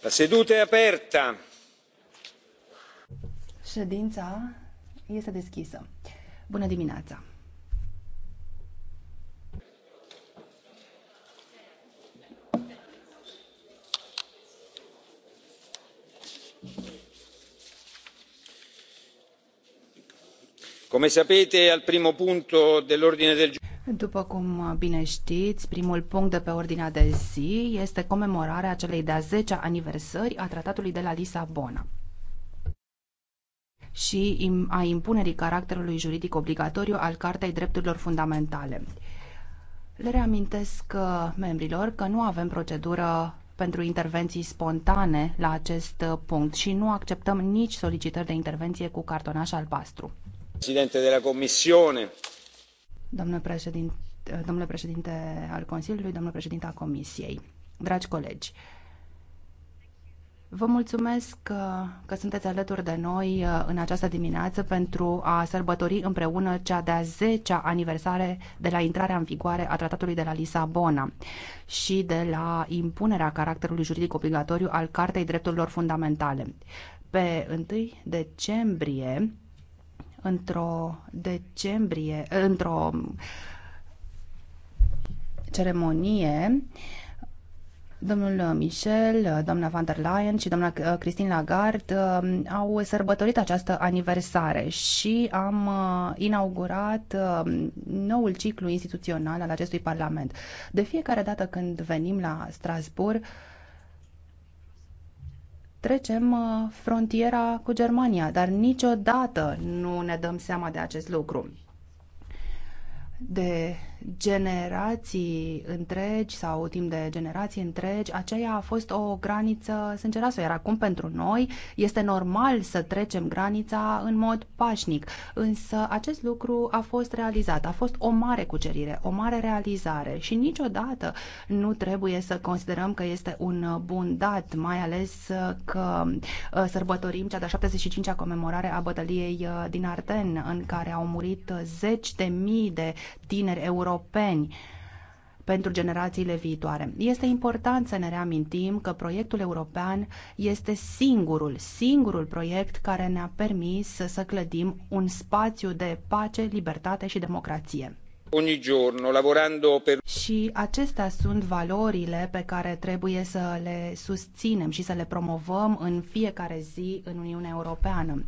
La seduta e aperta. Ședința este deschisă. Bună dimineața! Come sapete, al primo punto dell'ordine del giorno după cum bine știți, primul punct de pe ordinea de zi este comemorarea celei de-a 10-a aniversări a Tratatului de la Lisabona și a impunerii caracterului juridic obligatoriu al Cartei Drepturilor Fundamentale. Le reamintesc uh, membrilor că nu avem procedură pentru intervenții spontane la acest uh, punct și nu acceptăm nici solicitări de intervenție cu cartonaș albastru. Președinte de la Comisiune, domnule președinte, domnule președinte al Consiliului, domnule președinte al Comisiei, dragi colegi, Vă mulțumesc că, că sunteți alături de noi uh, în această dimineață pentru a sărbători împreună cea de-a 10-a aniversare de la intrarea în vigoare a Tratatului de la Lisabona și de la impunerea caracterului juridic obligatoriu al Cartei Drepturilor Fundamentale. Pe 1 decembrie într-o decembrie, într-o ceremonie Domnul Michel, doamna van der Leyen și doamna uh, Christine Lagarde uh, au sărbătorit această aniversare și am uh, inaugurat noul ciclu instituțional al acestui Parlament. De fiecare dată când venim la Strasbourg, trecem uh, frontiera cu Germania, dar niciodată nu ne dăm seama de acest lucru. De generații întregi sau timp de generații întregi, aceea a fost o graniță sângeroasă, iar acum pentru noi este normal să trecem granița în mod pașnic. Însă acest lucru a fost realizat, a fost o mare cucerire, o mare realizare și niciodată nu trebuie să considerăm că este un bun dat, mai ales că uh, sărbătorim cea de-a 75-a comemorare a bătăliei uh, din Arden, în care au murit zeci de mii de tineri europeni europeni pentru generațiile viitoare. Este important să ne reamintim că proiectul european este singurul, singurul proiect care ne-a permis să, să clădim un spațiu de pace, libertate și democrație. Ogni giorno, lavorando per... Și acestea sunt valorile pe care trebuie să le susținem și să le promovăm în fiecare zi în Uniunea Europeană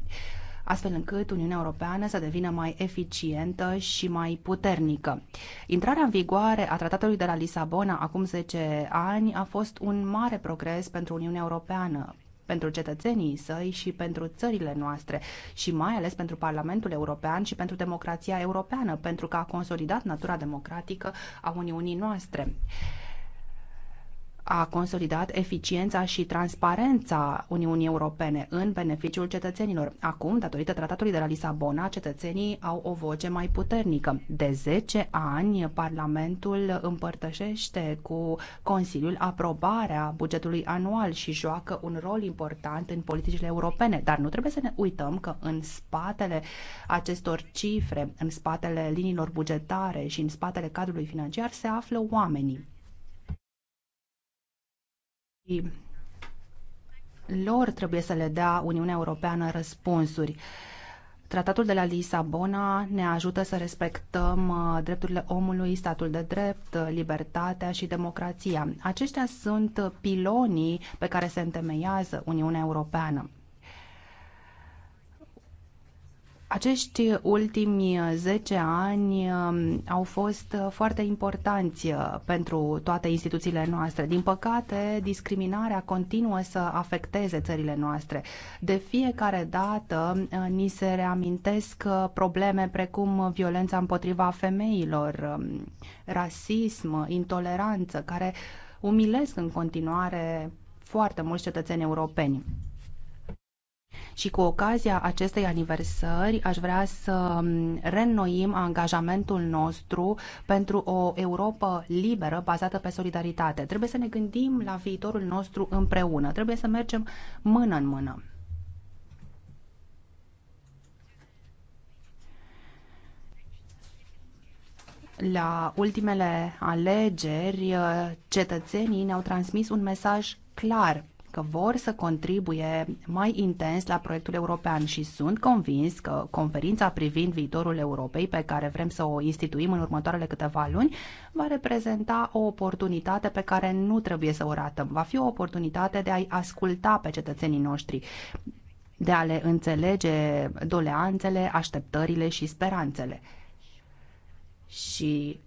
astfel încât Uniunea Europeană să devină mai eficientă și mai puternică. Intrarea în vigoare a Tratatului de la Lisabona acum 10 ani a fost un mare progres pentru Uniunea Europeană, pentru cetățenii săi și pentru țările noastre și mai ales pentru Parlamentul European și pentru democrația europeană, pentru că a consolidat natura democratică a Uniunii noastre a consolidat eficiența și transparența Uniunii Europene în beneficiul cetățenilor. Acum, datorită tratatului de la Lisabona, cetățenii au o voce mai puternică. De 10 ani, Parlamentul împărtășește cu Consiliul aprobarea bugetului anual și joacă un rol important în politicile europene. Dar nu trebuie să ne uităm că în spatele acestor cifre, în spatele liniilor bugetare și în spatele cadrului financiar se află oamenii lor trebuie să le dea Uniunea Europeană răspunsuri. Tratatul de la Lisabona ne ajută să respectăm uh, drepturile omului, statul de drept, uh, libertatea și democrația. Aceștia sunt pilonii pe care se întemeiază Uniunea Europeană. Acești ultimi 10 uh, ani um, au fost uh, foarte importanți uh, pentru toate instituțiile noastre. Din păcate, discriminarea continuă să afecteze țările noastre. De fiecare dată ni se reamintesc probleme precum violența împotriva femeilor, um, rasism, intoleranță, care umilesc în continuare foarte mulți cetățeni europeni și cu ocazia acestei aniversări aș vrea să mm, reînnoim angajamentul nostru pentru o Europa liberă bazată pe solidaritate. Trebuie să ne gândim la viitorul nostru împreună. Trebuie să mergem mână în mână. la ultimele alegeri, cetățenii ne-au transmis un mesaj clar că vor să contribuie mai intens la proiectul european și sunt convins că conferința privind viitorul Europei, pe care vrem să o instituim în următoarele câteva luni, va reprezenta o oportunitate pe care nu trebuie să o ratăm. Va fi o oportunitate de a-i asculta pe cetățenii noștri, de a le înțelege doleanțele, așteptările și speranțele. Și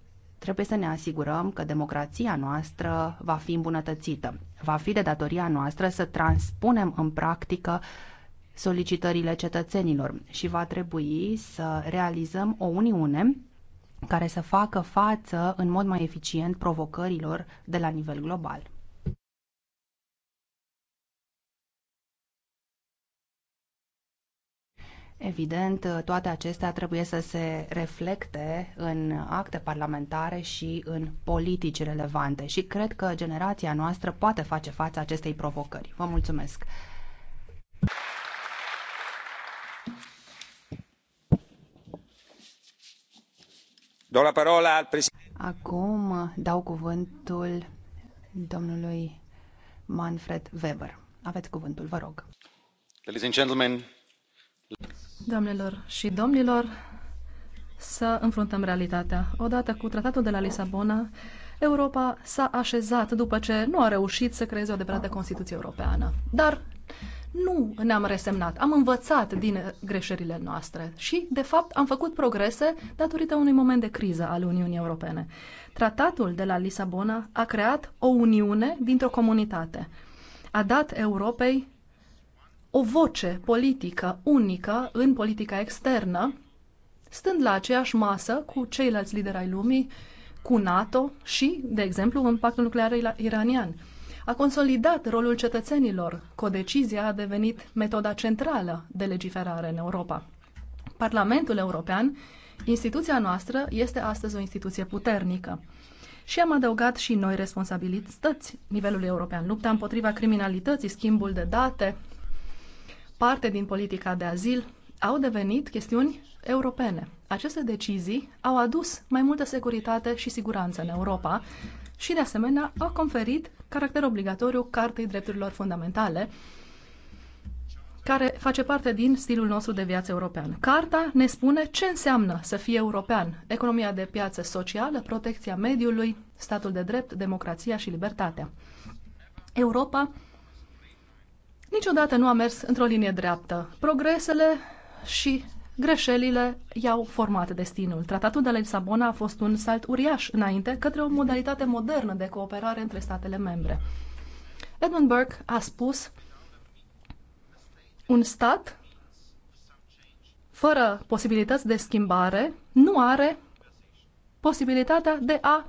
Trebuie să ne asigurăm că democrația noastră va fi îmbunătățită. Va fi de datoria noastră să transpunem în practică solicitările cetățenilor și va trebui să realizăm o uniune care să facă față în mod mai eficient provocărilor de la nivel global. Evident, toate acestea trebuie să se reflecte în acte parlamentare și în politici relevante și cred că generația noastră poate face față acestei provocări. Vă mulțumesc! la parola Acum dau cuvântul domnului Manfred Weber. Aveți cuvântul, vă rog. Ladies and gentlemen, Doamnelor și domnilor, să înfruntăm realitatea. Odată cu tratatul de la Lisabona, Europa s-a așezat după ce nu a reușit să creeze o adevărată Constituție Europeană. Dar nu ne-am resemnat, am învățat din greșelile noastre și, de fapt, am făcut progrese datorită unui moment de criză al Uniunii Europene. Tratatul de la Lisabona a creat o uniune dintr-o comunitate. A dat Europei o voce politică unică în politica externă, stând la aceeași masă cu ceilalți lideri ai lumii, cu NATO și, de exemplu, în pactul nuclear iranian. A consolidat rolul cetățenilor. Codecizia a devenit metoda centrală de legiferare în Europa. Parlamentul European, instituția noastră, este astăzi o instituție puternică. Și am adăugat și noi responsabilități. Nivelul european, lupta împotriva criminalității, schimbul de date, parte din politica de azil au devenit chestiuni europene. Aceste decizii au adus mai multă securitate și siguranță în Europa și, de asemenea, au conferit caracter obligatoriu Cartei Drepturilor Fundamentale, care face parte din stilul nostru de viață european. Carta ne spune ce înseamnă să fii european, economia de piață socială, protecția mediului, statul de drept, democrația și libertatea. Europa niciodată nu a mers într-o linie dreaptă. Progresele și greșelile i-au format destinul. Tratatul de la Lisabona a fost un salt uriaș înainte către o modalitate modernă de cooperare între statele membre. Edmund Burke a spus un stat fără posibilități de schimbare nu are posibilitatea de a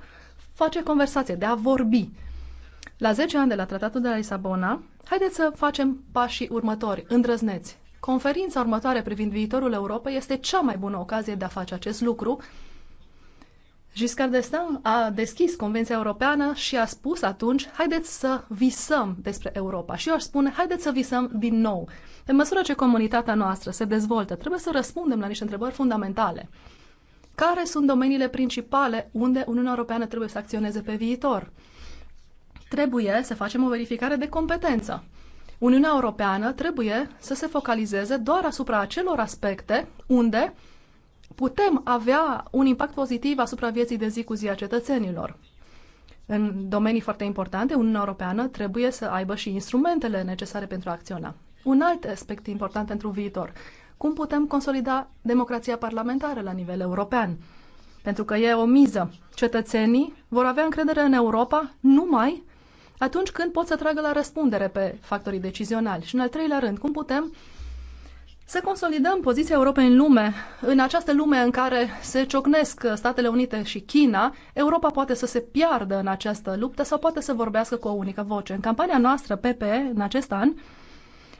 face conversație, de a vorbi. La 10 ani de la Tratatul de la Lisabona, haideți să facem pașii următori, îndrăzneți. Conferința următoare privind viitorul Europei este cea mai bună ocazie de a face acest lucru. Giscard d'Estaing a deschis Convenția Europeană și a spus atunci, haideți să visăm despre Europa. Și eu aș spune, haideți să visăm din nou. Pe măsură ce comunitatea noastră se dezvoltă, trebuie să răspundem la niște întrebări fundamentale. Care sunt domeniile principale unde Uniunea Europeană trebuie să acționeze pe viitor? trebuie să facem o verificare de competență. Uniunea Europeană trebuie să se focalizeze doar asupra acelor aspecte unde putem avea un impact pozitiv asupra vieții de zi cu zi a cetățenilor. În domenii foarte importante, Uniunea Europeană trebuie să aibă și instrumentele necesare pentru a acționa. Un alt aspect important pentru viitor, cum putem consolida democrația parlamentară la nivel european? Pentru că e o miză. Cetățenii vor avea încredere în Europa numai atunci când pot să tragă la răspundere pe factorii decizionali. Și în al treilea rând, cum putem să consolidăm poziția Europei în lume, în această lume în care se ciocnesc Statele Unite și China, Europa poate să se piardă în această luptă sau poate să vorbească cu o unică voce. În campania noastră PPE în acest an,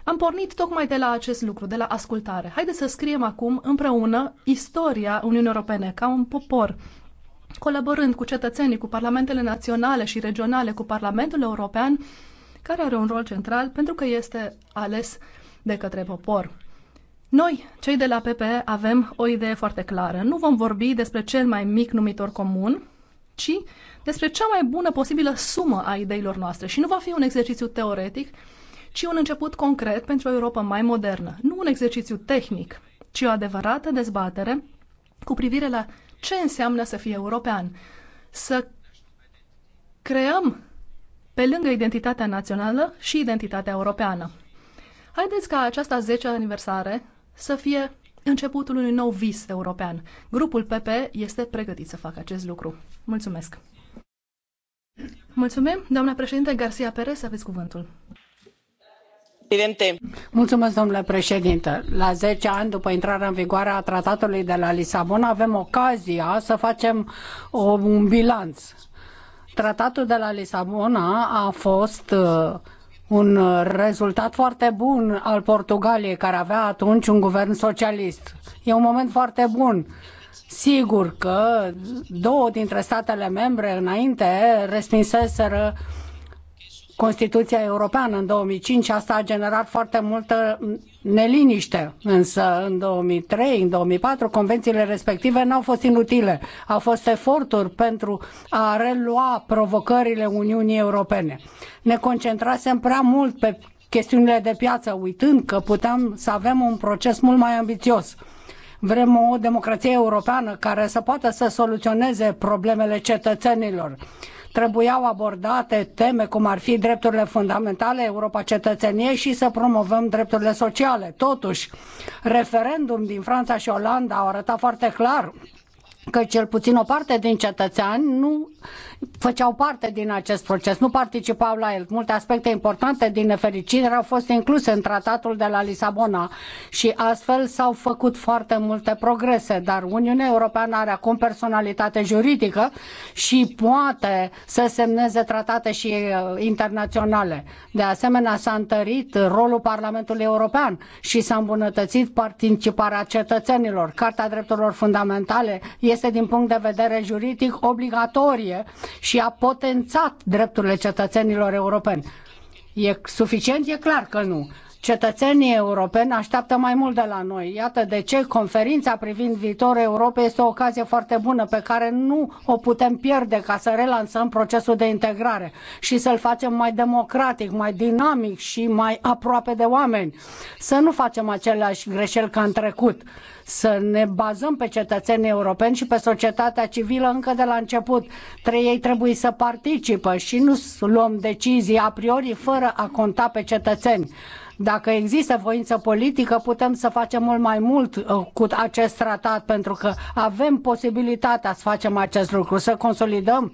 am pornit tocmai de la acest lucru, de la ascultare. Haideți să scriem acum împreună istoria Uniunii Europene ca un popor, colaborând cu cetățenii, cu parlamentele naționale și regionale, cu Parlamentul European, care are un rol central pentru că este ales de către popor. Noi, cei de la PPE, avem o idee foarte clară. Nu vom vorbi despre cel mai mic numitor comun, ci despre cea mai bună posibilă sumă a ideilor noastre. Și nu va fi un exercițiu teoretic, ci un început concret pentru o Europa mai modernă. Nu un exercițiu tehnic, ci o adevărată dezbatere cu privire la ce înseamnă să fii european. Să creăm pe lângă identitatea națională și identitatea europeană. Haideți ca această 10 aniversare să fie începutul unui nou vis european. Grupul PP este pregătit să facă acest lucru. Mulțumesc! Mulțumim, doamna președinte Garcia Perez, aveți cuvântul. Mulțumesc, domnule președinte. La zece ani după intrarea în vigoare a tratatului de la Lisabona avem ocazia să facem un bilanț. Tratatul de la Lisabona a fost uh, un rezultat foarte bun al Portugaliei, care avea atunci un guvern socialist. E un moment foarte bun. Sigur că două dintre statele membre înainte respinseseră Constituția Europeană în 2005, asta a generat foarte multă neliniște, însă în 2003, în 2004, convențiile respective n-au fost inutile. Au fost eforturi pentru a relua provocările Uniunii Europene. Ne concentrasem prea mult pe chestiunile de piață, uitând că putem să avem un proces mult mai ambițios. Vrem o democrație europeană care să poată să soluționeze problemele cetățenilor trebuiau abordate teme cum ar fi drepturile fundamentale, Europa cetățenie și să promovăm drepturile sociale. Totuși, referendum din Franța și Olanda au arătat foarte clar că cel puțin o parte din cetățeni nu făceau parte din acest proces, nu participau la el. Multe aspecte importante din nefericire au fost incluse în tratatul de la Lisabona și astfel s-au făcut foarte multe progrese, dar Uniunea Europeană are acum personalitate juridică și poate să semneze tratate și uh, internaționale. De asemenea, s-a întărit rolul Parlamentului European și s-a îmbunătățit participarea cetățenilor. Carta Drepturilor Fundamentale este din punct de vedere juridic obligatorie și a potențat drepturile cetățenilor europeni. E suficient? E clar că nu. Cetățenii europeni așteaptă mai mult de la noi. Iată de ce conferința privind viitorul Europei este o ocazie foarte bună pe care nu o putem pierde ca să relansăm procesul de integrare și să-l facem mai democratic, mai dinamic și mai aproape de oameni. Să nu facem aceleași greșeli ca în trecut. Să ne bazăm pe cetățenii europeni și pe societatea civilă încă de la început. Trei ei trebuie să participă și nu luăm decizii a priori fără a conta pe cetățeni. Dacă există voință politică, putem să facem mult mai mult uh, cu acest tratat, pentru că avem posibilitatea să facem acest lucru, să consolidăm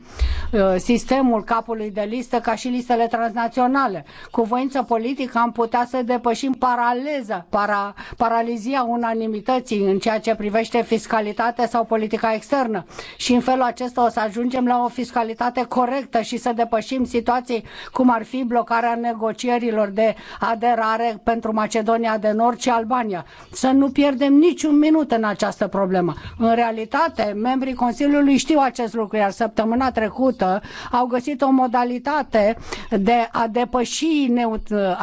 uh, sistemul capului de listă ca și listele transnaționale. Cu voință politică am putea să depășim paraleza, para, paralizia unanimității în ceea ce privește fiscalitatea sau politica externă. Și în felul acesta o să ajungem la o fiscalitate corectă și să depășim situații cum ar fi blocarea negocierilor de aderare are pentru Macedonia de Nord și Albania. Să nu pierdem niciun minut în această problemă. În realitate, membrii Consiliului știu acest lucru, iar săptămâna trecută au găsit o modalitate de a depăși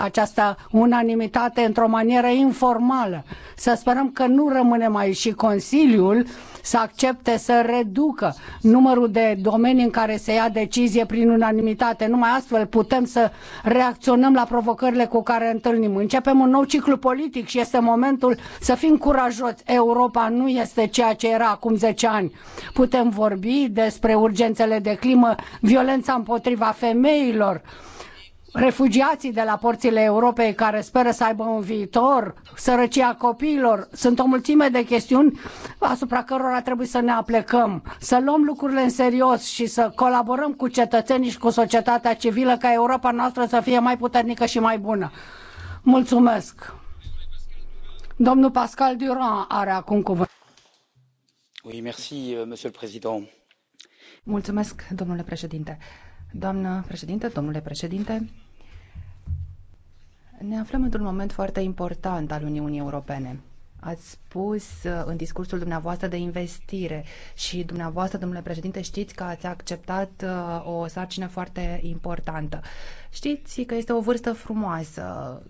această unanimitate într-o manieră informală. Să sperăm că nu rămânem aici și Consiliul să accepte să reducă numărul de domenii în care se ia decizie prin unanimitate. Numai astfel putem să reacționăm la provocările cu care întâlnim. Începem un nou ciclu politic și este momentul să fim curajoți. Europa nu este ceea ce era acum 10 ani. Putem vorbi despre urgențele de climă, violența împotriva femeilor, refugiații de la porțile Europei care speră să aibă un viitor, sărăcia copiilor, sunt o mulțime de chestiuni asupra cărora trebuie să ne aplecăm, să luăm lucrurile în serios și să colaborăm cu cetățenii și cu societatea civilă ca Europa noastră să fie mai puternică și mai bună. Mulțumesc! Domnul Pascal Durand are acum cuvânt. Oui, merci, euh, Mulțumesc, domnule președinte. Doamnă președinte, domnule președinte, ne aflăm într-un moment foarte important al Uniunii Europene. Ați spus uh, în discursul dumneavoastră de investire și dumneavoastră, domnule președinte, știți că ați acceptat uh, o sarcină foarte importantă Știți că este o vârstă frumoasă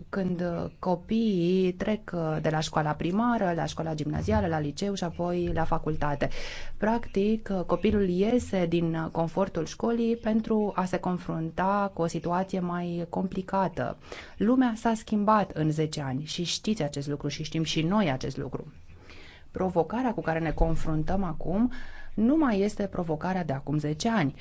când copiii trec uh, de la școala primară, la școala gimnazială, la liceu și apoi la facultate. Practic, uh, copilul iese din confortul școlii pentru a se confrunta cu o situație mai complicată. Lumea s-a schimbat în 10 ani și știți acest lucru și știm și noi acest lucru. Provocarea cu care ne confruntăm acum nu mai este provocarea de acum 10 ani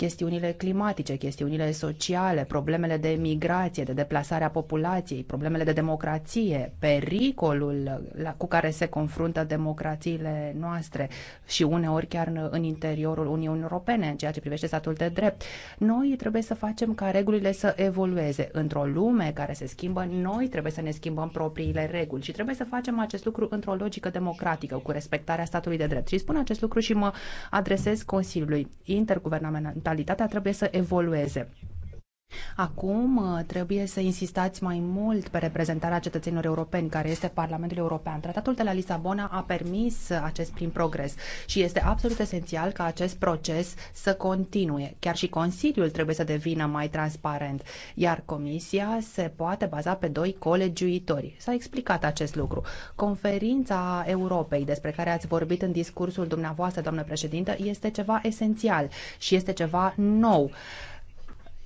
chestiunile climatice, chestiunile sociale, problemele de migrație, de deplasare a populației, problemele de democrație, pericolul la, cu care se confruntă democrațiile noastre și uneori chiar în interiorul Uniunii Europene, în ceea ce privește statul de drept. Noi trebuie să facem ca regulile să evolueze. Într-o lume care se schimbă, noi trebuie să ne schimbăm propriile reguli și trebuie să facem acest lucru într-o logică democratică, cu respectarea statului de drept. Și spun acest lucru și mă adresez Consiliului Interguvernamental mentalitatea trebuie să evolueze. Acum uh, trebuie să insistați mai mult pe reprezentarea cetățenilor europeni, care este Parlamentul European. Tratatul de la Lisabona a permis uh, acest prim progres și este absolut esențial ca acest proces să continue. Chiar și Consiliul trebuie să devină mai transparent, iar Comisia se poate baza pe doi colegiuitori. S-a explicat acest lucru. Conferința Europei, despre care ați vorbit în discursul dumneavoastră, doamnă președintă, este ceva esențial și este ceva nou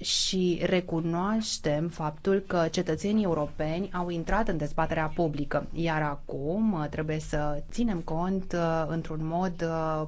și recunoaștem faptul că cetățenii europeni au intrat în dezbaterea publică, iar acum uh, trebuie să ținem cont uh, într-un mod uh,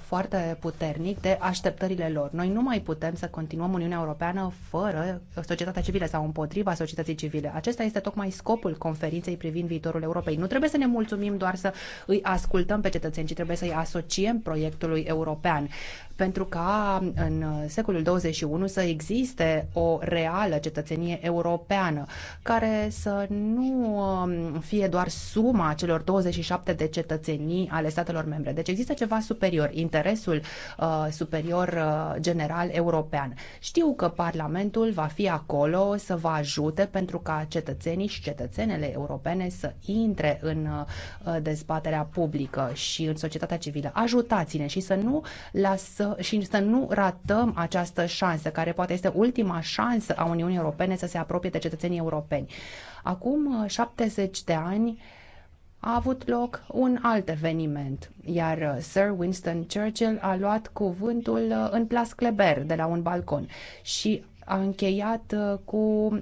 foarte puternic de așteptările lor. Noi nu mai putem să continuăm Uniunea Europeană fără societatea civilă sau împotriva societății civile. Acesta este tocmai scopul conferinței privind viitorul Europei. Nu trebuie să ne mulțumim doar să îi ascultăm pe cetățeni, ci trebuie să îi asociem proiectului european pentru ca în uh, secolul 21 să existe o reală cetățenie europeană, care să nu um, fie doar suma celor 27 de cetățenii ale statelor membre. Deci există ceva superior, interesul uh, superior uh, general european. Știu că Parlamentul va fi acolo să vă ajute pentru ca cetățenii și cetățenele europene să intre în uh, dezbaterea publică și în societatea civilă. Ajutați-ne și să nu lasă să, și să nu ratăm această șansă, care poate este ultima șansă a Uniunii Europene să se apropie de cetățenii europeni. Acum 70 uh, de ani a avut loc un alt eveniment, iar uh, Sir Winston Churchill a luat cuvântul uh, în Place Kleber, de la un balcon și a încheiat uh, cu uh,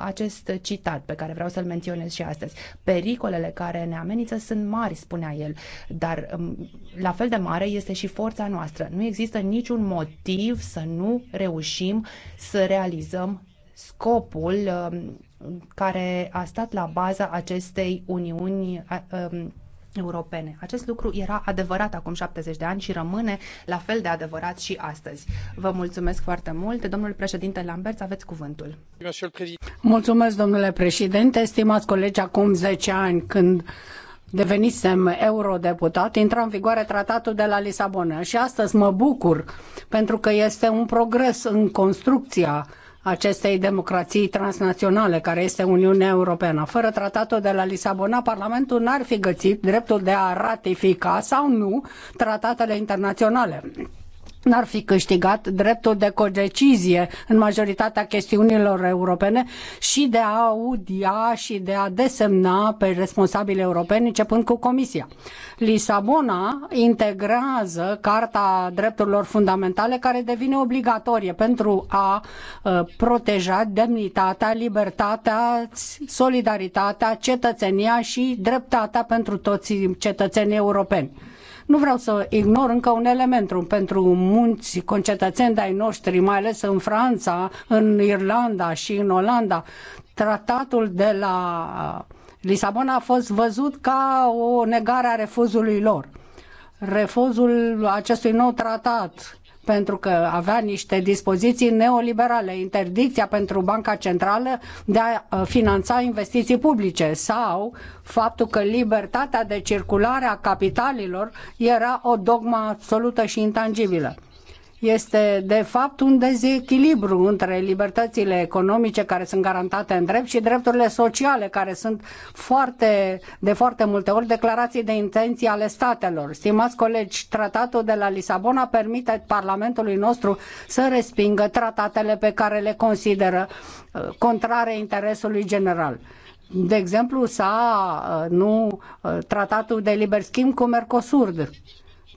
acest citat pe care vreau să-l menționez și astăzi. Pericolele care ne amenință sunt mari, spunea el, dar um, la fel de mare este și forța noastră. Nu există niciun motiv să nu reușim să realizăm scopul um, care a stat la baza acestei uniuni um, europene. Acest lucru era adevărat acum 70 de ani și rămâne la fel de adevărat și astăzi. Vă mulțumesc foarte mult. Domnul președinte Lambert, aveți cuvântul. Mulțumesc, domnule președinte. Stimați colegi, acum 10 ani, când devenisem eurodeputat, intra în vigoare tratatul de la Lisabona și astăzi mă bucur pentru că este un progres în construcția acestei democrații transnaționale, care este Uniunea Europeană. Fără tratatul de la Lisabona, Parlamentul n-ar fi găsit dreptul de a ratifica sau nu tratatele internaționale n-ar fi câștigat dreptul de codecizie în majoritatea chestiunilor europene și de a audia și de a desemna pe responsabili europeni, începând cu Comisia. Lisabona integrează Carta Drepturilor Fundamentale, care devine obligatorie pentru a ă, proteja demnitatea, libertatea, solidaritatea, cetățenia și dreptatea pentru toți cetățenii europeni nu vreau să ignor încă un element pentru munți concetățeni de-ai noștri, mai ales în Franța, în Irlanda și în Olanda. Tratatul de la Lisabona a fost văzut ca o negare a refuzului lor refuzul acestui nou tratat pentru că avea niște dispoziții neoliberale, interdicția pentru Banca Centrală de a finanța investiții publice sau faptul că libertatea de circulare a capitalilor era o dogmă absolută și intangibilă este de fapt un dezechilibru între libertățile economice care sunt garantate în drept și drepturile sociale care sunt foarte, de foarte multe ori declarații de intenții ale statelor. Stimați colegi, tratatul de la Lisabona permite Parlamentului nostru să respingă tratatele pe care le consideră uh, contrare interesului general. De exemplu, s-a uh, nu uh, tratatul de liber schimb cu Mercosur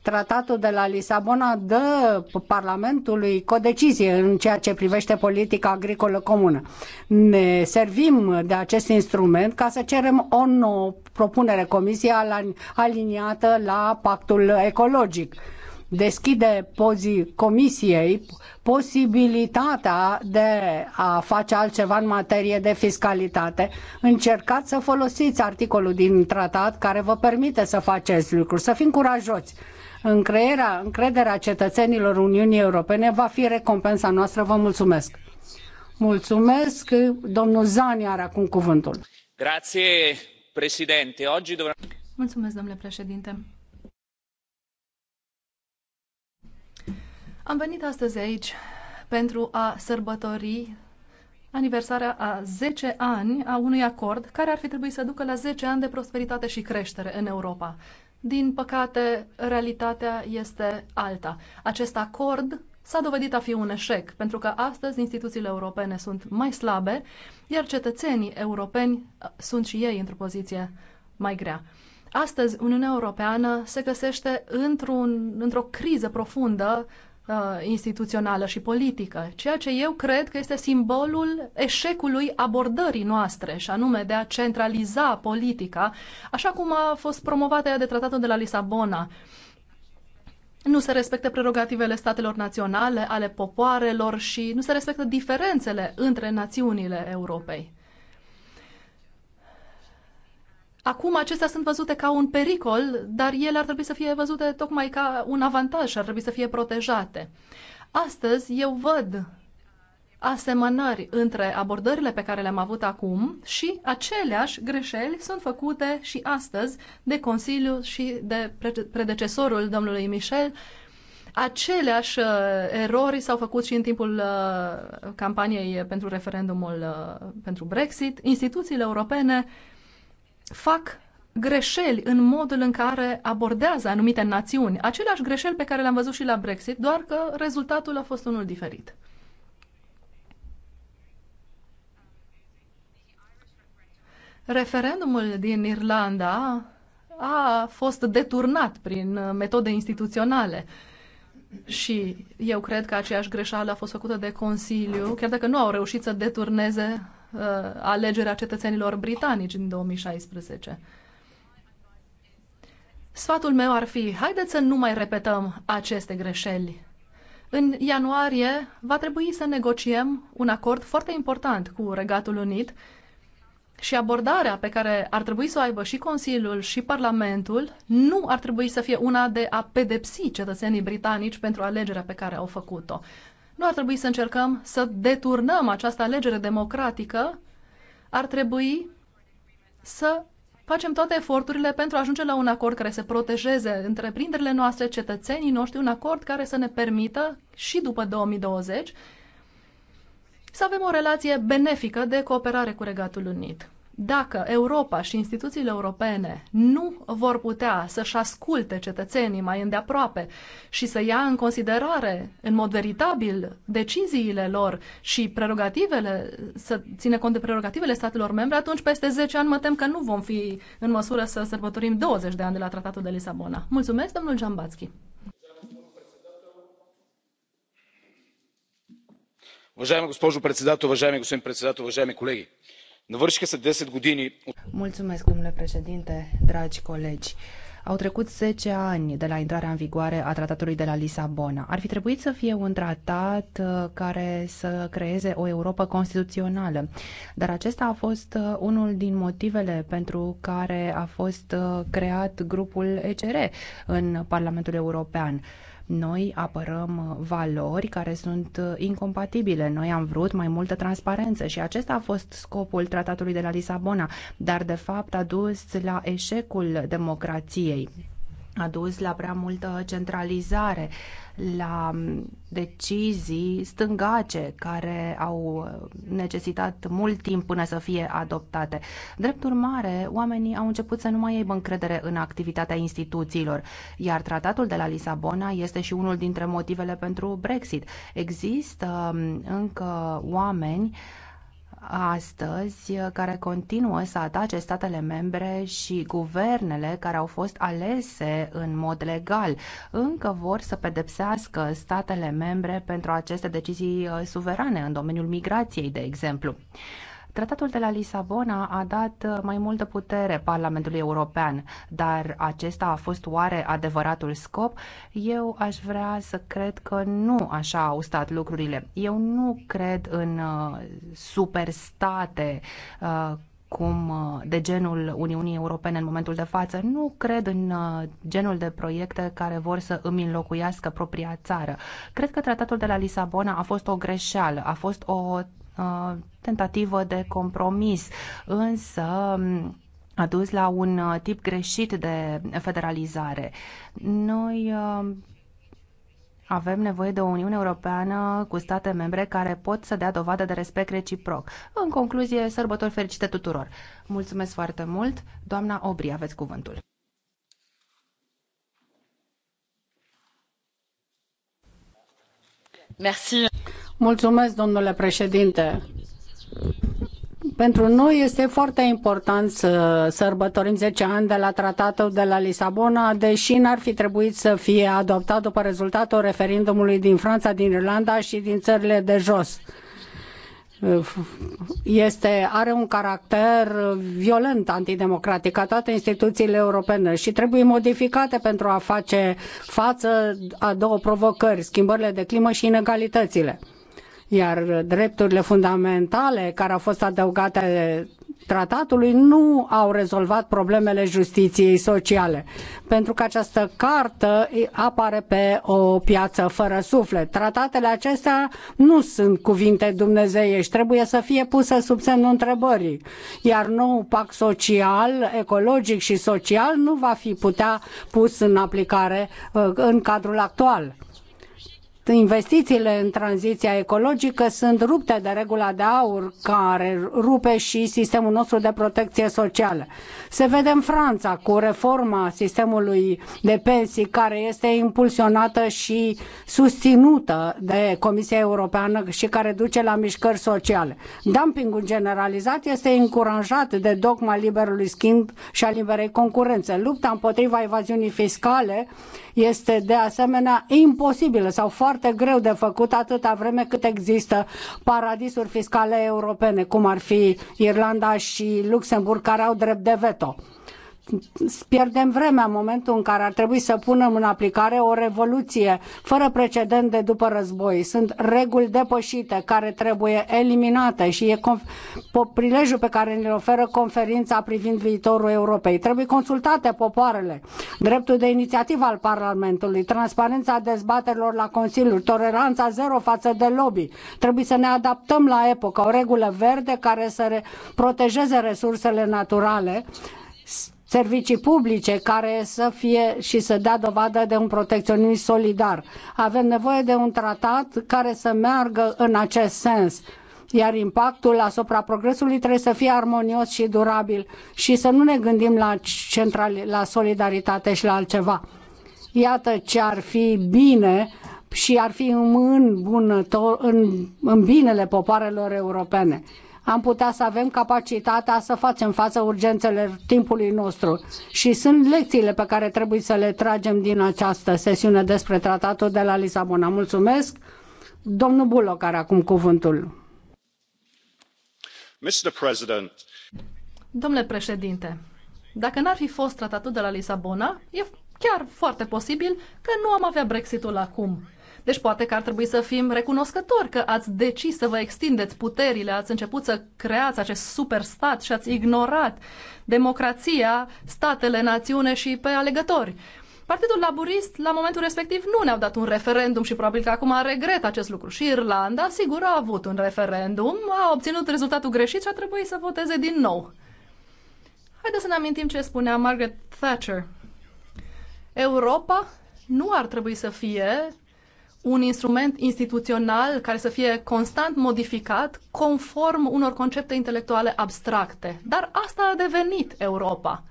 Tratatul de la Lisabona dă Parlamentului codecizie în ceea ce privește politica agricolă comună. Ne servim de acest instrument ca să cerem o nouă propunere Comisiei aliniată la pactul ecologic deschide pozi comisiei posibilitatea de a face altceva în materie de fiscalitate. Încercați să folosiți articolul din tratat care vă permite să faceți lucruri, să fim curajoți. Încreierea, încrederea cetățenilor Uniunii Europene va fi recompensa noastră. Vă mulțumesc! Mulțumesc! Domnul Zani are acum cuvântul. Grazie, președinte. Oggi dovrà... Mulțumesc, domnule președinte. Am venit astăzi aici pentru a sărbători aniversarea a 10 ani a unui acord care ar fi trebuit să ducă la 10 ani de prosperitate și creștere în Europa. Din păcate, realitatea este alta. Acest acord s-a dovedit a fi un eșec, pentru că astăzi instituțiile europene sunt mai slabe, iar cetățenii europeni uh, sunt și ei într-o poziție mai grea. Astăzi, Uniunea Europeană se găsește într într-o criză profundă Uh, instituțională și politică, ceea ce eu cred că este simbolul eșecului abordării noastre, și anume de a centraliza politica, așa cum a fost promovată ea de tratatul de la Lisabona. Nu se respectă prerogativele statelor naționale, ale popoarelor și nu se respectă diferențele între națiunile Europei. Acum acestea sunt văzute ca un pericol, dar ele ar trebui să fie văzute tocmai ca un avantaj și ar trebui să fie protejate. Astăzi eu văd asemănări între abordările pe care le-am avut acum și aceleași greșeli sunt făcute și astăzi de Consiliu și de predecesorul domnului Michel. Aceleași uh, erori s-au făcut și în timpul uh, campaniei pentru referendumul uh, pentru Brexit. Instituțiile europene fac greșeli în modul în care abordează anumite națiuni. Aceleași greșeli pe care le-am văzut și la Brexit, doar că rezultatul a fost unul diferit. Referendumul din Irlanda a fost deturnat prin metode instituționale. Și eu cred că aceeași greșeală a fost făcută de Consiliu, chiar dacă nu au reușit să deturneze uh, alegerea cetățenilor britanici din 2016. Sfatul meu ar fi, haideți să nu mai repetăm aceste greșeli. În ianuarie va trebui să negociem un acord foarte important cu Regatul Unit și abordarea pe care ar trebui să o aibă și Consiliul și Parlamentul nu ar trebui să fie una de a pedepsi cetățenii britanici pentru alegerea pe care au făcut-o. Nu ar trebui să încercăm să deturnăm această alegere democratică. Ar trebui să facem toate eforturile pentru a ajunge la un acord care să protejeze întreprinderile noastre, cetățenii noștri, un acord care să ne permită și după 2020 să avem o relație benefică de cooperare cu Regatul Unit. Dacă Europa și instituțiile europene nu vor putea să-și asculte cetățenii mai îndeaproape și să ia în considerare în mod veritabil deciziile lor și prerogativele, să ține cont de prerogativele statelor membre, atunci peste 10 ani mă tem că nu vom fi în măsură să sărbătorim 20 de ani de la Tratatul de Lisabona. Mulțumesc, domnul Giambatski. Уважаема госпожо председател, уважаеми господин председател, уважаеми колеги! Mulțumesc, domnule președinte, dragi colegi. Au trecut 10 ani de la intrarea în vigoare a tratatului de la Lisabona. Ar fi trebuit să fie un tratat uh, care să creeze o Europa constituțională, dar acesta a fost uh, unul din motivele pentru care a fost uh, creat grupul ECR în Parlamentul European noi apărăm uh, valori care sunt uh, incompatibile. Noi am vrut mai multă transparență și acesta a fost scopul tratatului de la Lisabona, dar de fapt a dus la eșecul democrației a dus la prea multă centralizare, la mm, decizii stângace care au uh, necesitat mult timp până să fie adoptate. Drept urmare, oamenii au început să nu mai aibă încredere în activitatea instituțiilor, iar tratatul de la Lisabona este și unul dintre motivele pentru Brexit. Există mm, încă oameni uh, astăzi care continuă să atace statele membre și guvernele care au fost alese în mod legal. Încă vor să pedepsească statele membre pentru aceste decizii uh, suverane în domeniul migrației, de exemplu. Tratatul de la Lisabona a dat uh, mai multă putere Parlamentului European, dar acesta a fost oare adevăratul scop? Eu aș vrea să cred că nu așa au stat lucrurile. Eu nu cred în uh, superstate uh, cum de genul Uniunii Europene în momentul de față. Nu cred în genul de proiecte care vor să îmi înlocuiască propria țară. Cred că tratatul de la Lisabona a fost o greșeală, a fost o Uh, tentativă de compromis, însă um, a dus la un uh, tip greșit de federalizare. Noi uh, avem nevoie de o Uniune Europeană cu state membre care pot să dea dovadă de respect reciproc. În concluzie, sărbători fericite tuturor! Mulțumesc foarte mult! Doamna Obri, aveți cuvântul. Mulțumesc, domnule președinte. Pentru noi este foarte important să sărbătorim zece ani de la tratatul de la Lisabona, deși n-ar fi trebuit să fie adoptat după rezultatul referendumului din Franța, din Irlanda și din țările de jos este, are un caracter violent, antidemocratic, ca toate instituțiile europene și trebuie modificate pentru a face față a două provocări, schimbările de climă și inegalitățile iar drepturile fundamentale care au fost adăugate tratatului nu au rezolvat problemele justiției sociale, pentru că această cartă apare pe o piață fără suflet. Tratatele acestea nu sunt cuvinte dumnezeiești, trebuie să fie puse sub semnul întrebării, iar nou pact social, ecologic și social nu va fi putea pus în aplicare uh, în cadrul actual investițiile în tranziția ecologică sunt rupte de regula de aur care rupe și sistemul nostru de protecție socială. Se vede în Franța cu reforma sistemului de pensii care este impulsionată și susținută de Comisia Europeană și care duce la mișcări sociale. Dumpingul generalizat este încurajat de dogma liberului schimb și a liberei concurențe. Lupta împotriva evaziunii fiscale este de asemenea imposibilă sau foarte foarte greu de făcut atâta vreme cât există paradisuri fiscale europene, cum ar fi Irlanda și Luxemburg, care au drept de veto pierdem vremea în momentul în care ar trebui să punem în aplicare o revoluție fără precedent de după război. Sunt reguli depășite care trebuie eliminate și e prilejul pe care ne oferă conferința privind viitorul Europei. Trebuie consultate popoarele, dreptul de inițiativă al Parlamentului, transparența dezbaterilor la Consiliu, toleranța zero față de lobby. Trebuie să ne adaptăm la epocă, o regulă verde care să protejeze resursele naturale servicii publice care să fie și să dea dovadă de un protecționism solidar. Avem nevoie de un tratat care să meargă în acest sens iar impactul asupra progresului trebuie să fie armonios și durabil și să nu ne gândim la, central, la solidaritate și la altceva. Iată ce ar fi bine și ar fi în, bunător, în, în binele popoarelor europene am putea să avem capacitatea să facem față urgențelor timpului nostru. Și sunt lecțiile pe care trebuie să le tragem din această sesiune despre tratatul de la Lisabona. Mulțumesc! Domnul Bulo, care acum cuvântul. Domnule președinte, dacă n-ar fi fost tratatul de la Lisabona, e chiar foarte posibil că nu am avea Brexitul acum. Deci poate că ar trebui să fim recunoscători că ați decis să vă extindeți puterile, ați început să creați acest superstat și ați ignorat democrația, statele, națiune și pe alegători. Partidul Laburist, la momentul respectiv, nu ne-au dat un referendum și probabil că acum regret acest lucru. Și Irlanda, sigur, a avut un referendum, a obținut rezultatul greșit și a trebuit să voteze din nou. Haideți să ne amintim ce spunea Margaret Thatcher. Europa nu ar trebui să fie un instrument instituțional care să fie constant modificat conform unor concepte intelectuale abstracte. Dar asta a devenit Europa.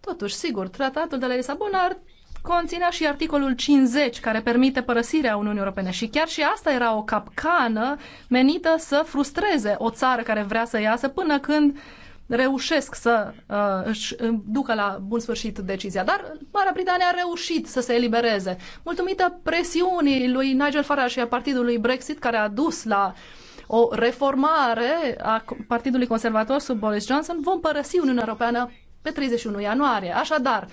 Totuși, sigur, tratatul de la Lisabona ar conținea și articolul 50 care permite părăsirea Uniunii Europene și chiar și asta era o capcană menită să frustreze o țară care vrea să iasă până când uh, reușesc să uh, își ducă la bun sfârșit decizia. Dar Marea Britanie a reușit să se elibereze, mulțumită presiunii lui Nigel Farage și a partidului Brexit, care a dus la o reformare a Partidului Conservator sub Boris Johnson, vom părăsi Uniunea Europeană pe 31 ianuarie. Așadar,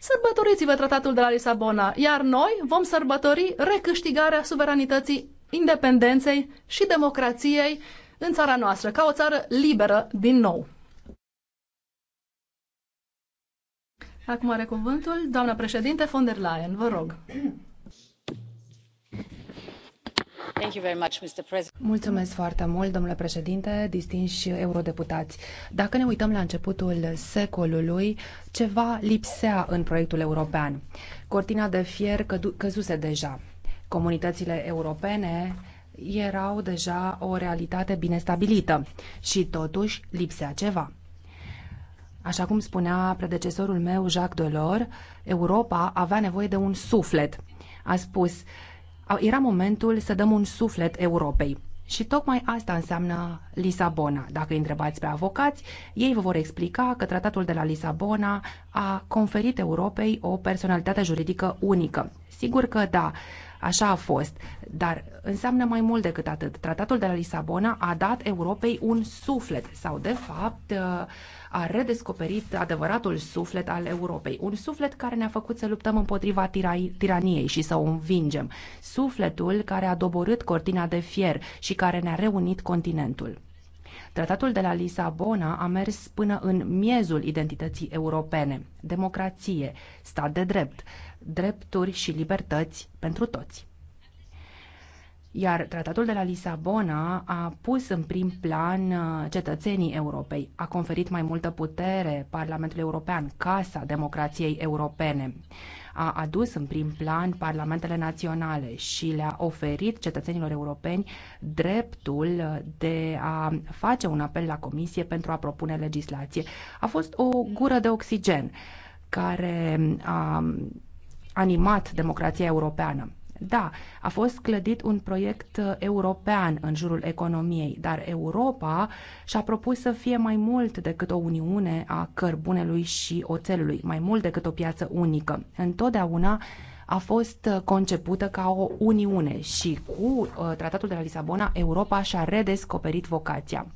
sărbătoriți-vă tratatul de la Lisabona, iar noi vom sărbători recâștigarea suveranității, independenței și democrației în țara noastră, ca o țară liberă din nou. Acum are cuvântul doamna președinte von der Leyen. Vă rog. Mulțumesc foarte mult, domnule președinte, distinși eurodeputați. Dacă ne uităm la începutul secolului, ceva lipsea în proiectul european. Cortina de fier căzuse deja. Comunitățile europene erau deja o realitate bine stabilită și totuși lipsea ceva. Așa cum spunea predecesorul meu, Jacques Delors, Europa avea nevoie de un suflet. A spus, era momentul să dăm un suflet Europei. Și tocmai asta înseamnă Lisabona. Dacă îi întrebați pe avocați, ei vă vor explica că tratatul de la Lisabona a conferit Europei o personalitate juridică unică. Sigur că da, așa a fost, dar înseamnă mai mult decât atât. Tratatul de la Lisabona a dat Europei un suflet sau, de fapt, a redescoperit adevăratul suflet al Europei. Un suflet care ne-a făcut să luptăm împotriva tira- tiraniei și să o învingem. Sufletul care a doborât cortina de fier și care ne-a reunit continentul. Tratatul de la Lisabona a mers până în miezul identității europene. Democrație, stat de drept, drepturi și libertăți pentru toți. Iar tratatul de la Lisabona a pus în prim plan uh, cetățenii Europei, a conferit mai multă putere Parlamentului European, Casa Democrației Europene a adus în prim plan parlamentele naționale și le-a oferit cetățenilor europeni dreptul uh, de a face un apel la comisie pentru a propune legislație. A fost o gură de oxigen care um, a animat democrația europeană. Da, a fost clădit un proiect uh, european în jurul economiei, dar Europa și-a propus să fie mai mult decât o uniune a cărbunelui și oțelului, mai mult decât o piață unică. Întotdeauna a fost uh, concepută ca o uniune și cu uh, tratatul de la Lisabona Europa și-a redescoperit vocația.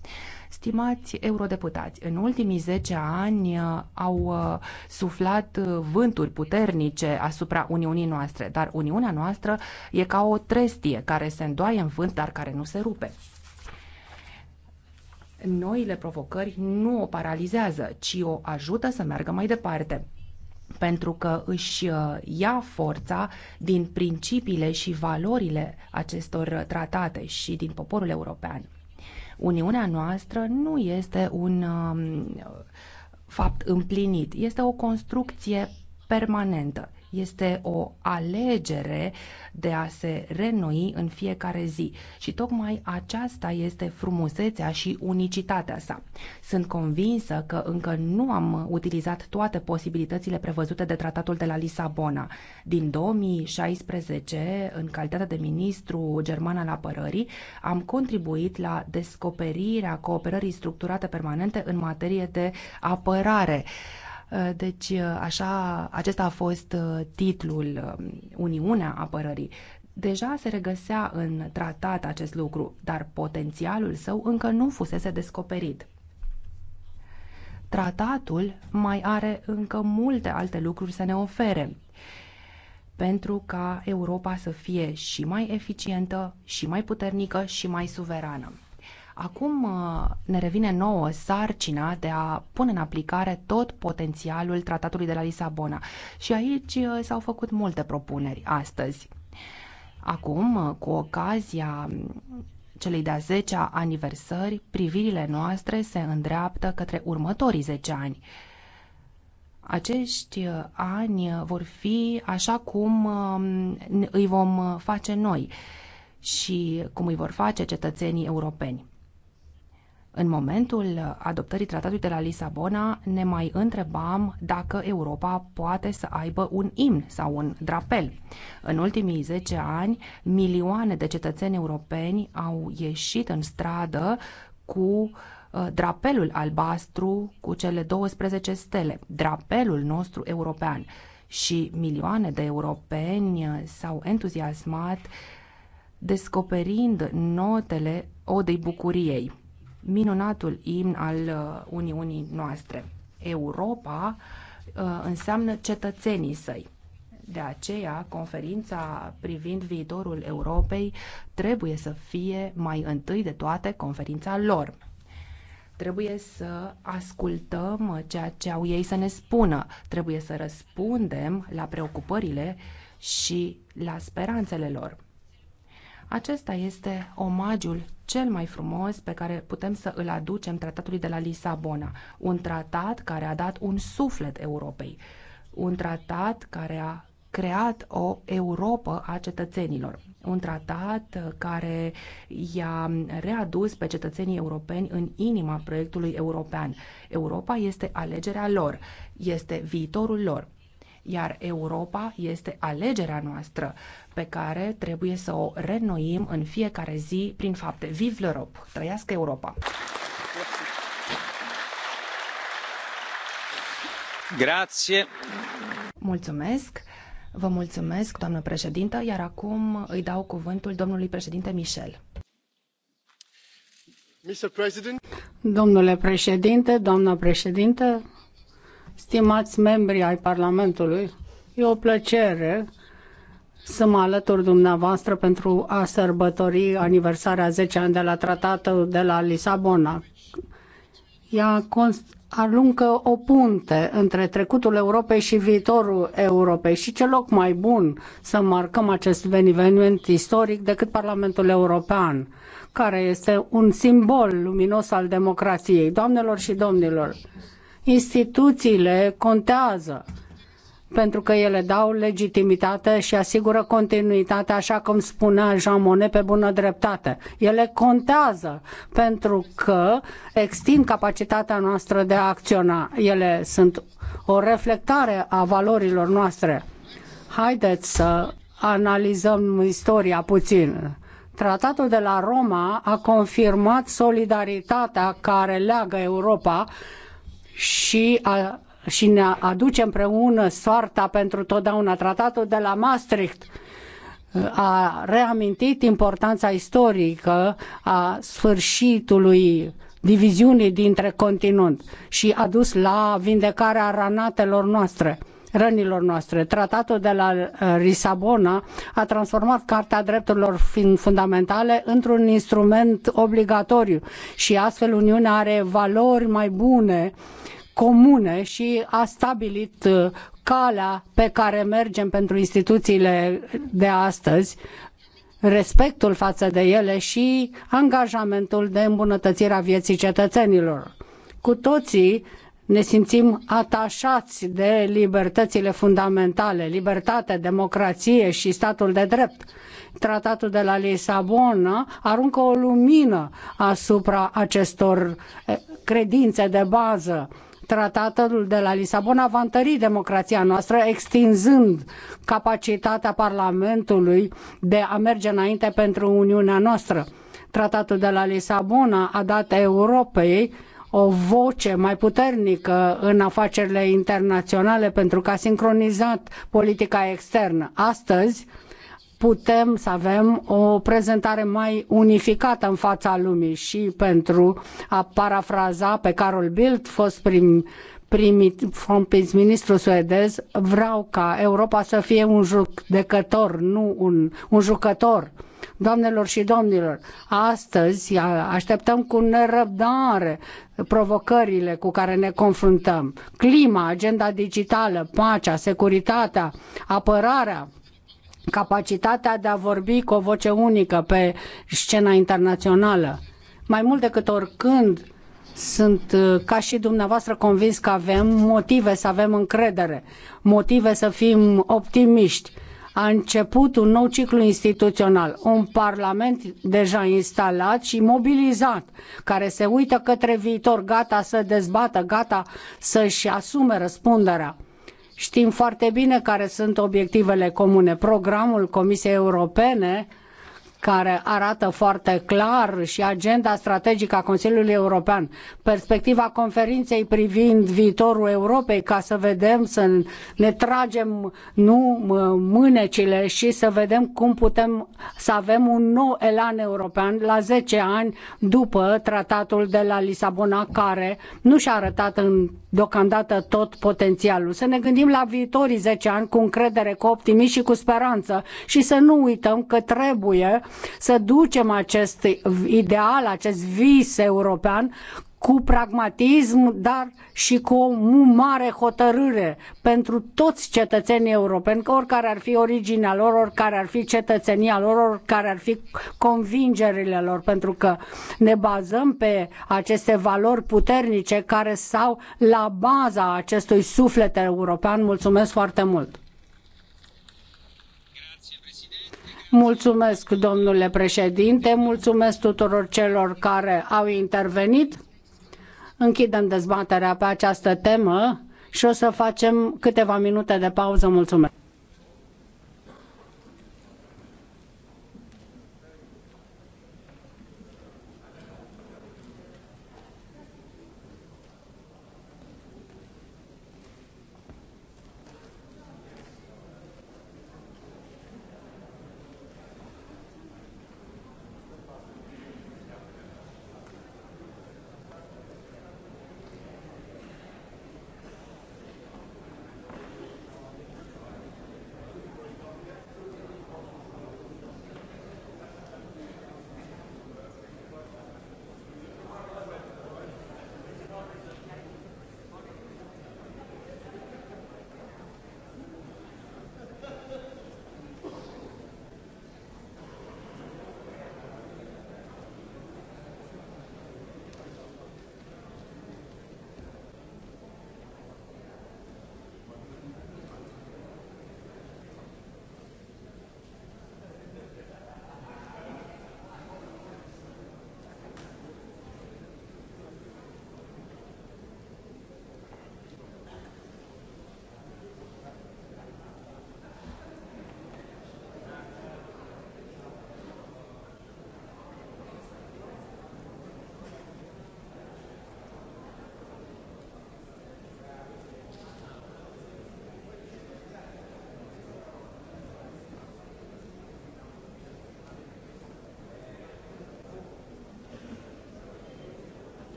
Stimați eurodeputați, în ultimii 10 ani uh, au uh, suflat uh, vânturi puternice asupra Uniunii noastre, dar Uniunea noastră e ca o trestie care se îndoaie în vânt, dar care nu se rupe noile provocări nu o paralizează, ci o ajută să meargă mai departe pentru că își ia forța din principiile și valorile acestor tratate și din poporul european. Uniunea noastră nu este un um, fapt împlinit, este o construcție permanentă. Este o alegere de a se renoi în fiecare zi și tocmai aceasta este frumusețea și unicitatea sa. Sunt convinsă că încă nu am utilizat toate posibilitățile prevăzute de tratatul de la Lisabona. Din 2016, în calitate de ministru german al apărării, am contribuit la descoperirea cooperării structurate permanente în materie de apărare. Uh, deci, uh, așa, acesta a fost uh, titlul um, Uniunea Apărării. Deja se regăsea în tratat acest lucru, dar potențialul său încă nu fusese descoperit. Tratatul mai are încă multe alte lucruri să ne ofere pentru ca Europa să fie și mai eficientă, și mai puternică, și mai suverană. Acum uh, ne revine nouă sarcina de a pune în aplicare tot potențialul tratatului de la Lisabona. Și aici uh, s-au făcut multe propuneri astăzi. Acum, uh, cu ocazia um, celei de-a 10-a aniversări, privirile noastre se îndreaptă către următorii 10 ani. Acești ani vor fi așa cum um, îi vom face noi și cum îi vor face cetățenii europeni. În momentul adoptării tratatului de la Lisabona ne mai întrebam dacă Europa poate să aibă un imn sau un drapel. În ultimii 10 ani, milioane de cetățeni europeni au ieșit în stradă cu uh, drapelul albastru cu cele 12 stele, drapelul nostru european. Și milioane de europeni uh, s-au entuziasmat descoperind notele odei bucuriei minunatul imn al uh, Uniunii noastre. Europa uh, înseamnă cetățenii săi. De aceea, conferința privind viitorul Europei trebuie să fie mai întâi de toate conferința lor. Trebuie să ascultăm ceea ce au ei să ne spună. Trebuie să răspundem la preocupările și la speranțele lor acesta este omagiul cel mai frumos pe care putem să îl aducem tratatului de la Lisabona, un tratat care a dat un suflet Europei, un tratat care a creat o Europa a cetățenilor, un tratat care i-a readus pe cetățenii europeni în inima proiectului european. Europa este alegerea lor, este viitorul lor iar Europa este alegerea noastră pe care trebuie să o renoim în fiecare zi prin fapte. Vive l'Europe! Trăiască Europa! Grazie. Mulțumesc! Vă mulțumesc, doamnă președintă, iar acum îi dau cuvântul domnului președinte Michel. Domnule președinte, doamnă președintă, Stimați membri ai Parlamentului, e o plăcere să mă alătur dumneavoastră pentru a sărbători aniversarea 10 ani de la tratatul de la Lisabona. Ea aruncă o punte între trecutul Europei și viitorul Europei și ce loc mai bun să marcăm acest eveniment istoric decât Parlamentul European, care este un simbol luminos al democrației. Doamnelor și domnilor, Instituțiile contează pentru că ele dau legitimitate și asigură continuitate, așa cum spunea Jean Monnet pe bună dreptate. Ele contează pentru că extind capacitatea noastră de a acționa. Ele sunt o reflectare a valorilor noastre. Haideți să analizăm istoria puțin. Tratatul de la Roma a confirmat solidaritatea care leagă Europa și a, și ne aduce împreună soarta pentru totdeauna. Tratatul de la Maastricht uh, a reamintit importanța istorică a sfârșitului diviziunii dintre continent și a dus la vindecarea ranatelor noastre rănilor noastre. Tratatul de la eh, Lisabona a transformat Carta Drepturilor Fundamentale într-un instrument obligatoriu și astfel Uniunea are valori mai bune comune și a stabilit eh, calea pe care mergem pentru instituțiile de astăzi, respectul față de ele și angajamentul de îmbunătățirea a vieții cetățenilor. Cu toții ne simțim atașați de libertățile fundamentale, libertate, democrație și statul de drept. Tratatul de la Lisabona aruncă o lumină asupra acestor eh, credințe de bază tratatul de la Lisabona va întări democrația noastră, extinzând capacitatea Parlamentului de a merge înainte pentru Uniunea noastră. Tratatul de la Lisabona a dat Europei o voce mai puternică în afacerile internaționale pentru că a sincronizat politica externă. Astăzi putem să avem o prezentare mai unificată în fața lumii și pentru a parafraza pe Carol Bildt, fost prim, prim-ministru suedez, vreau ca Europa să fie un judecător, nu un, un jucător Doamnelor și domnilor, astăzi așteptăm cu nerăbdare provocările cu care ne confruntăm. Clima, agenda digitală, pacea, securitatea, apărarea, capacitatea de a vorbi cu o voce unică pe scena internațională. Mai mult decât oricând, sunt uh, ca și dumneavoastră convins că avem motive să avem încredere, motive să fim optimiști a început un nou ciclu instituțional, un parlament deja instalat și mobilizat, care se uită către viitor, gata să dezbată, gata să-și asume răspunderea. Știm foarte bine care sunt obiectivele comune. Programul Comisiei Europene care arată foarte clar și agenda strategică a Consiliului European, perspectiva conferinței privind viitorul Europei, ca să vedem, să ne tragem nu mânecile și să vedem cum putem să avem un nou elan european la 10 ani după tratatul de la Lisabona, care nu și-a arătat în deocamdată tot potențialul. Să ne gândim la viitorii 10 ani cu încredere, cu optimism și cu speranță și să nu uităm că trebuie să ducem acest ideal, acest vis european cu pragmatism, dar și cu o mare hotărâre pentru toți cetățenii europeni, că oricare ar fi originea lor, oricare ar fi cetățenia lor, oricare ar fi convingerile lor, pentru că ne bazăm pe aceste valori puternice care stau la baza acestui suflet european. Mulțumesc foarte mult! Mulțumesc, domnule președinte, mulțumesc tuturor celor care au intervenit. Închidem dezbaterea pe această temă și o să facem câteva minute de pauză. Mulțumesc.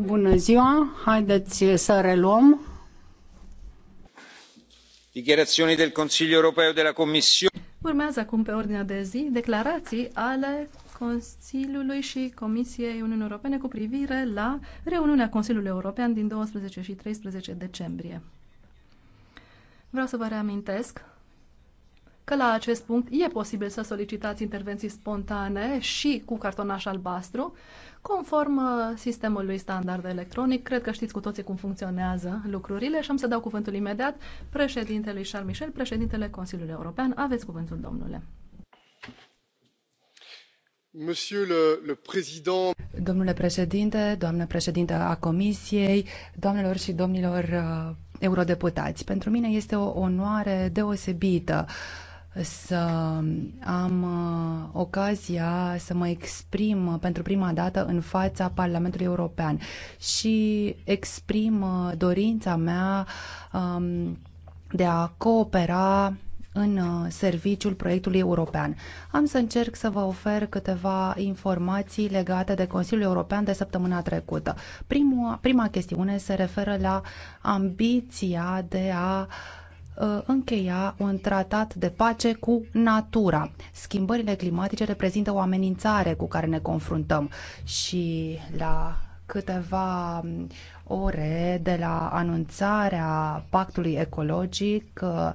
Bună ziua, haideți să reluăm. Dichiarazioni del Consiglio europeo de la Commissione. Urmează acum pe ordinea de zi declarații ale Consiliului și Comisiei Uniunii Europene cu privire la reuniunea Consiliului European din 12 și 13 decembrie. Vreau să vă reamintesc că la acest punct e posibil să solicitați intervenții spontane și cu cartonaș albastru, conform uh, sistemului standard electronic. Cred că știți cu toții cum funcționează lucrurile și am să dau cuvântul imediat președintelui Charles Michel, președintele Consiliului European. Aveți cuvântul, domnule. Le, le président... Domnule președinte, doamnă președintă a Comisiei, doamnelor și domnilor uh, eurodeputați, pentru mine este o onoare deosebită uh, să am uh, ocazia să mă exprim uh, pentru prima dată în fața Parlamentului European și exprim uh, dorința mea um, de a coopera în serviciul proiectului european. Am să încerc să vă ofer câteva informații legate de Consiliul European de săptămâna trecută. Prima, prima chestiune se referă la ambiția de a uh, Uh, încheia un tratat de pace cu natura. Schimbările climatice reprezintă o amenințare cu care ne confruntăm și la câteva um, ore de la anunțarea pactului ecologic a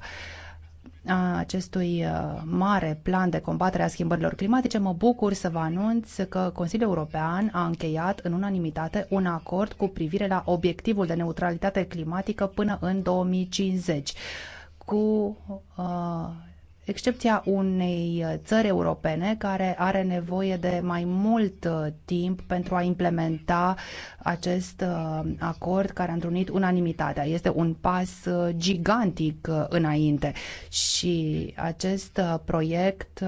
uh, acestui uh, mare plan de combatere a schimbărilor climatice, mă bucur să vă anunț că Consiliul European a încheiat în unanimitate un acord cu privire la obiectivul de neutralitate climatică până în 2050 cu uh, excepția unei uh, țări europene care are nevoie de mai mult uh, timp pentru a implementa acest uh, acord care a întrunit unanimitatea. Este un pas gigantic înainte și acest proiect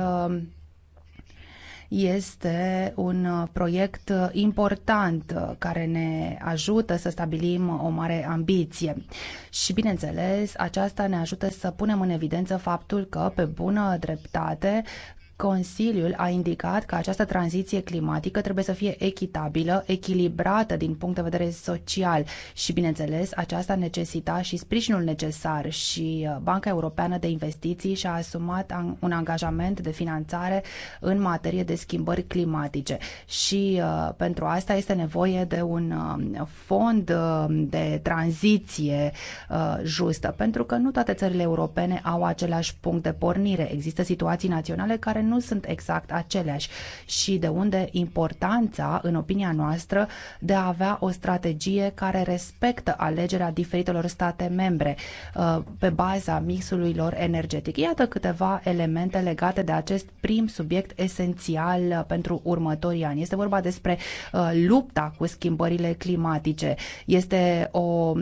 este un uh, proiect uh, important uh, care ne ajută să stabilim o mare ambiție. Și, bineînțeles, aceasta ne ajută să punem în evidență faptul că, pe bună dreptate, Consiliul a indicat că această tranziție climatică trebuie să fie echitabilă, echilibrată din punct de vedere social și, bineînțeles, aceasta necesita și sprijinul necesar și uh, Banca Europeană de Investiții și-a asumat un angajament de finanțare în materie de schimbări climatice și uh, pentru asta este nevoie de un uh, fond uh, de tranziție uh, justă, pentru că nu toate țările europene au același punct de pornire. Există situații naționale care nu sunt exact aceleași și de unde importanța, în opinia noastră, de a avea o strategie care respectă alegerea diferitelor state membre uh, pe baza mixului lor energetic. Iată câteva elemente legate de acest prim subiect esențial uh, pentru următorii ani. Este vorba despre uh, lupta cu schimbările climatice. Este o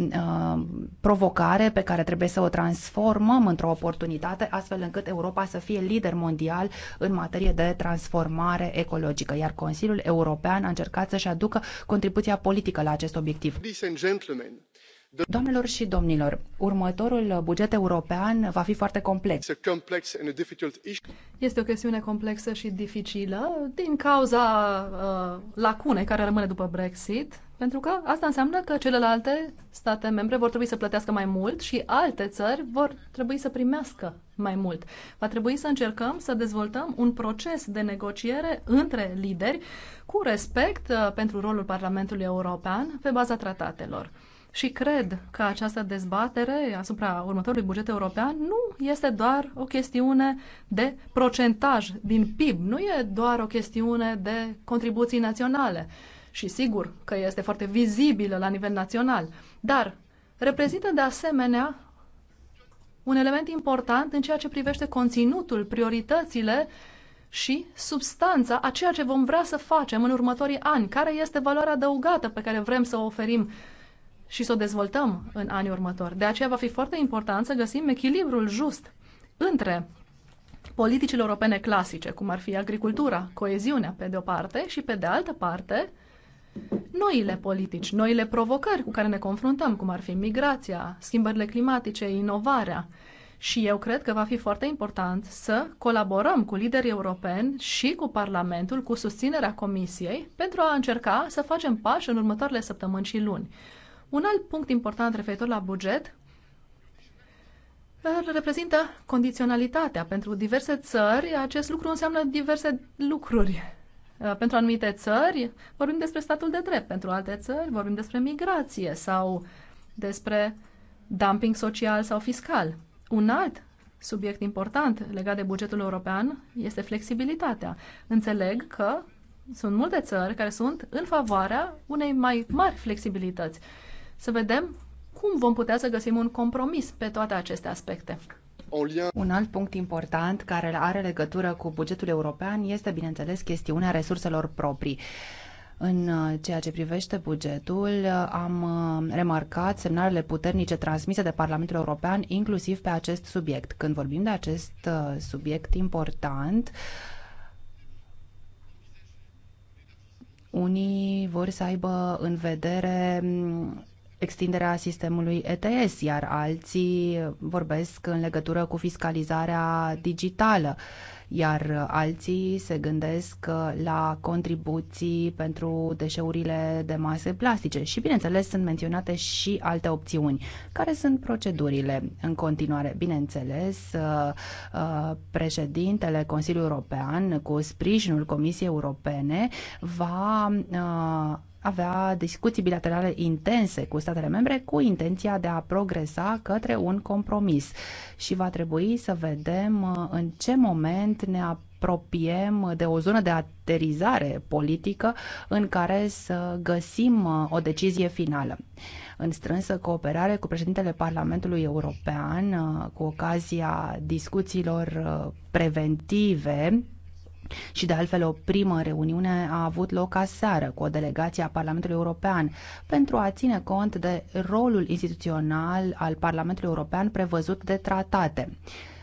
provocare pe care trebuie să o transformăm într-o oportunitate, astfel încât Europa să fie lider mondial în materie de transformare ecologică, iar Consiliul European a încercat să-și aducă contribuția politică la acest obiectiv. Doamnelor și domnilor, următorul buget european va fi foarte complex. Este o chestiune complexă și dificilă din cauza uh, lacunei care rămâne după Brexit, pentru că asta înseamnă că celelalte state membre vor trebui să plătească mai mult și alte țări vor trebui să primească mai mult. Va trebui să încercăm să dezvoltăm un proces de negociere între lideri cu respect uh, pentru rolul Parlamentului European pe baza tratatelor. Și cred că această dezbatere asupra următorului buget european nu este doar o chestiune de procentaj din PIB, nu e doar o chestiune de contribuții naționale și sigur că este foarte vizibilă la nivel național, dar reprezintă de asemenea un element important în ceea ce privește conținutul, prioritățile și substanța a ceea ce vom vrea să facem în următorii ani, care este valoarea adăugată pe care vrem să o oferim și să o dezvoltăm în anii următori. De aceea va fi foarte important să găsim echilibrul just între politicile europene clasice, cum ar fi agricultura, coeziunea, pe de o parte, și pe de altă parte, noile politici, noile provocări cu care ne confruntăm, cum ar fi migrația, schimbările climatice, inovarea. Și eu cred că va fi foarte important să colaborăm cu liderii europeni și cu Parlamentul, cu susținerea Comisiei, pentru a încerca să facem pași în următoarele săptămâni și luni. Un alt punct important referitor la buget reprezintă condiționalitatea. Pentru diverse țări, acest lucru înseamnă diverse lucruri. Uh, pentru anumite țări vorbim despre statul de drept, pentru alte țări vorbim despre migrație sau despre dumping social sau fiscal. Un alt subiect important legat de bugetul european este flexibilitatea. Înțeleg că sunt multe țări care sunt în favoarea unei mai mari flexibilități. Să vedem cum vom putea să găsim un compromis pe toate aceste aspecte. Un alt punct important care are legătură cu bugetul european este, bineînțeles, chestiunea resurselor proprii. În uh, ceea ce privește bugetul, uh, am uh, remarcat semnalele puternice transmise de Parlamentul European, inclusiv pe acest subiect. Când vorbim de acest subiect important, unii vor să aibă în vedere mm, extinderea sistemului ETS, iar alții vorbesc în legătură cu fiscalizarea digitală, iar alții se gândesc la contribuții pentru deșeurile de mase plastice. Și, bineînțeles, sunt menționate și alte opțiuni. Care sunt procedurile în continuare? Bineînțeles, uh, președintele Consiliului European, cu sprijinul Comisiei Europene, va uh, avea discuții bilaterale intense cu statele membre cu intenția de a progresa către un compromis și va trebui să vedem uh, în ce moment ne apropiem de o zonă de aterizare politică în care să găsim uh, o decizie finală. În strânsă cooperare cu președintele Parlamentului European, uh, cu ocazia discuțiilor preventive și de altfel o primă reuniune a avut loc aseară cu o delegație a Parlamentului European pentru a ține cont de rolul instituțional al Parlamentului European prevăzut de tratate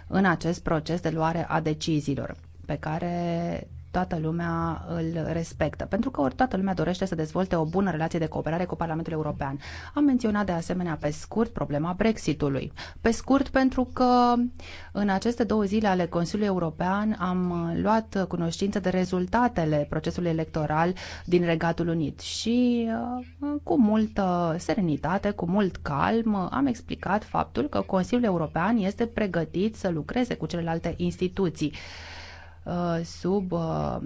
în acest proces de luare a deciziilor pe care toată lumea îl respectă, pentru că ori toată lumea dorește să dezvolte o bună relație de cooperare cu Parlamentul European. Am menționat de asemenea pe scurt problema Brexitului. Pe scurt pentru că în aceste două zile ale Consiliului European am luat cunoștință de rezultatele procesului electoral din Regatul Unit și uh, cu multă serenitate, cu mult calm, am explicat faptul că Consiliul European este pregătit să lucreze cu celelalte instituții. Uh, sub uh,